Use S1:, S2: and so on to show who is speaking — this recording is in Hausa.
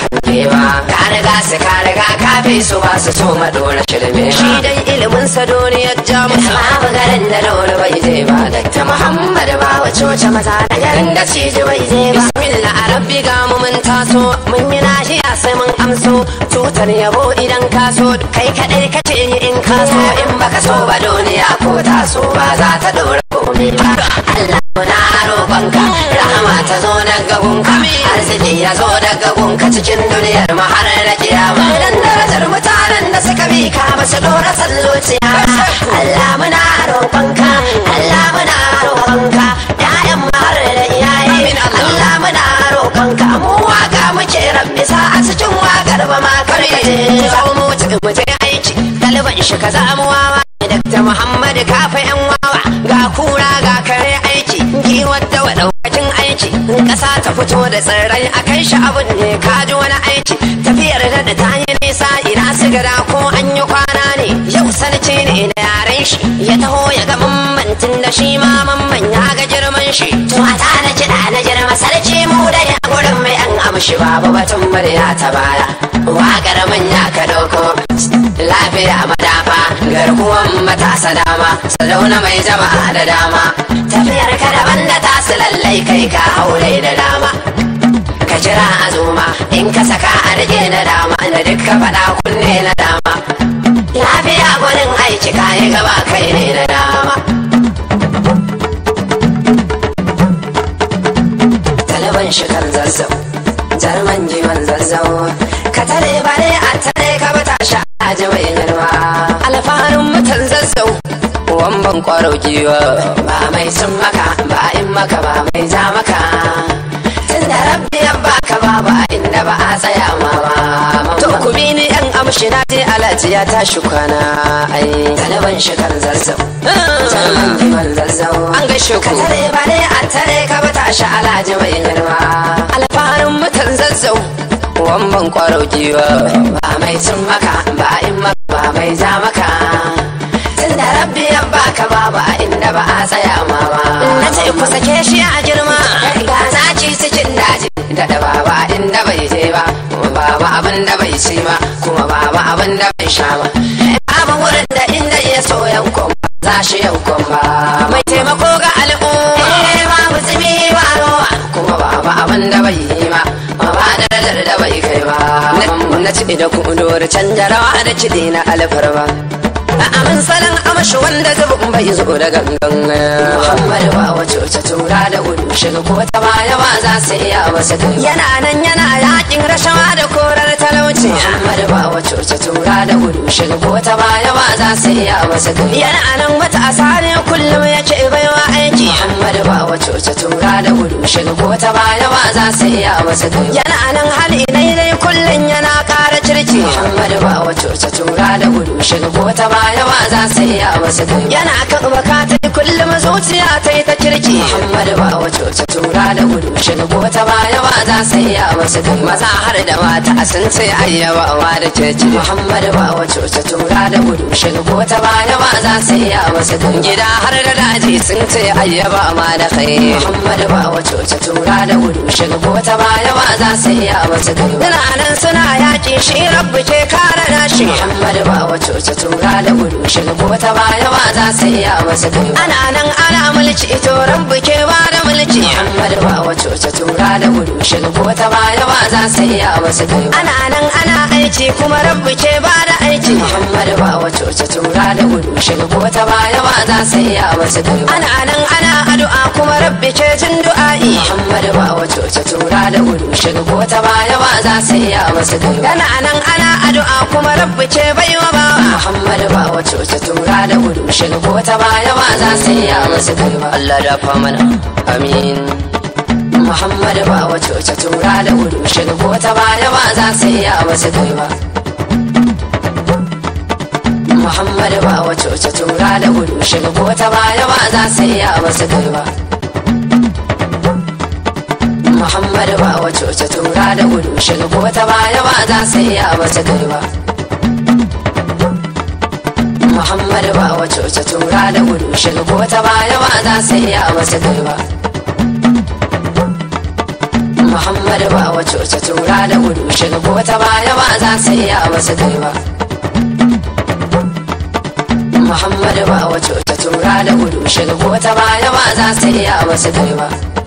S1: haɗe ba ka riga su ka riga ka su ba su so maɗora shirme shi dai ilimin sa duniyar jamus babu garin da dole bai je ba dakta muhammad ba wa coci maza da garin da ciji bai je ba bismillah a rabbi ga mu mun taso mun yi nashi sai mun amso tutar yabo idan ka so kai kaɗai ka ce in ka so in baka so ba duniya ko taso ba za ta ɗora komai ba Allah na rahama ta zo daga gunka arziki ya zo daga gunka cikin duniyar mu har da kiyama dan darajar mutanen da suka bi ka ba su dora salluciya Allah muna roƙonka Allah muna roƙonka ya'yan mu da iyaye Allah muna roƙonka mu waka muke rabbi sa a cikin wakar ba ma karkace za mu mutu mu je aiki ɗaliban shi ka zamu wawa Dr. Muhammad kafa 'yan fito da tsirrai a kai shi abin ne ka ji wani aiki tafiyar da da ta yi nisa ina sigara ko an yi kwana ne yau sarki ne da yaren shi ya taho ya ga mammantin da shi ma mamman ya ga girman shi to a ta na kiɗa na girma sarki mu da ya gurin mai an amshi babu batun murya ta baya waƙar manya ka dauko lafiya madafa garkuwan matasa dama sadauna mai jama'a da dama tafiyar ka daban da tasu lallai kai ka haure da dama ka saka a rage na dama da dukka faɗa kunne na dama lafiya gwanin aiki kayi gaba kai ne na dama talaban shigar zazzau jarman jiwon zazzau ka tare bare a tare ka bata sha a ji mai girma alfaharin mutan zazzau wamban kwaro jiwa ba mai sun maka ba in maka ba mai za maka tun da rabbi ya ka ba ba inda ba tsayawa ba to ku bi ni yan amshi na je alaji ya tashi kwana ai talaban shigar zarzau talaban kiman zazzau an gaishe ku tare ba ne a tare ka ba tashi alaji mai girma alfarin mutan Wan ban kwaro giwa ba mai cin maka ba in maka ba mai za maka tun da rabbi ya baka ba ba inda ba a tsaya ma ba na ce ku sake shi a girma ga zaci cikin daji da da ba inda daidai ba kuma babu abin da bai ci ba kuma babu abin da bai sha ba babu wurin da inda ya so yankon ba za shi yankon ba mai taimako ga al'umma eh, babu tsimi ba kuma babu abin da bai yi ba ba da da bai kai ba na ci da kudowar canja rawa da ci na ba. amin salon amashi wanda zubin bai zo da gangan Muhammad ba wace wace tura da gudu shiga ko ta baya ba za su iya wasu yana nan yana yakin rashawa da korar talauci Muhammad ba wace wace tura da gudu shiga ko ta baya ba za su iya wasu yana nan wata asali kullum yake baiwa aiki Muhammad ba wace wace tura da gudu shiga ko ta baya ba za su iya wasu yana nan hali dai kullum yana ka sarki Muhammad ba wato ta tura da gudu shiga ko ta baya ba za su iya wasu kai yana kan bakatai kullum zuciya ta yi ta kirki Muhammad ba wato ta tura da gudu shiga ko ta baya ba za su iya wasu kai maza har da mata sun ce ayyawa wa da ke ci Muhammad ba wato ta tura da gudu shiga ko ta baya ba za su iya wasu kai gida har da daji sun ce ayyaba ma da kai Muhammad ba wato ta tura da gudu shiga ko ta baya ba za su iya wasu kai yana nan shi rabbi ke kare nashi Muhammadu ba wato ta tura da gudu shiga gobe ta baya ba za su iya wasu kai ana nan ana mulki ito rabbi ke ba da mulki Muhammadu ba wato ta Shin ko ta baya ba za su iya ba su kai ana nan ana aiki kuma rabbi ke ba da aiki muhammadu ba wato ta tura da gudu Shin ko ta baya ba za su iya ba su kai ana nan ana addu'a kuma rabbi ke jin du'a'i muhammadu ba wato ta tura da gudu Shin ko ta baya ba za su iya ba su kai ana nan ana addu'a kuma rabbi ke baiwa ba muhammadu ba wato ta tura da gudu Shin ko ta baya ba za su iya ba su kai ba Allah da fa mana amin muhammadu ba wa coci tura da gudu shiga ko ta baya ba za su iya wasu gaiwa muhammadu ba wa coci tura da gudu shiga ko ta baya ba za su iya wasu gaiwa muhammadu ba wa coci tura da gudu shiga ko ta baya ba za su iya wasu gaiwa muhammadu ba wa coci tura da gudu shiga ko ta baya ba za su iya wasu gaiwa Muhammadu ba wace wace tura da gudu shiga ko ta baya ba za su iya ba. Muhammadu ta ba za su iya wasu kai ba.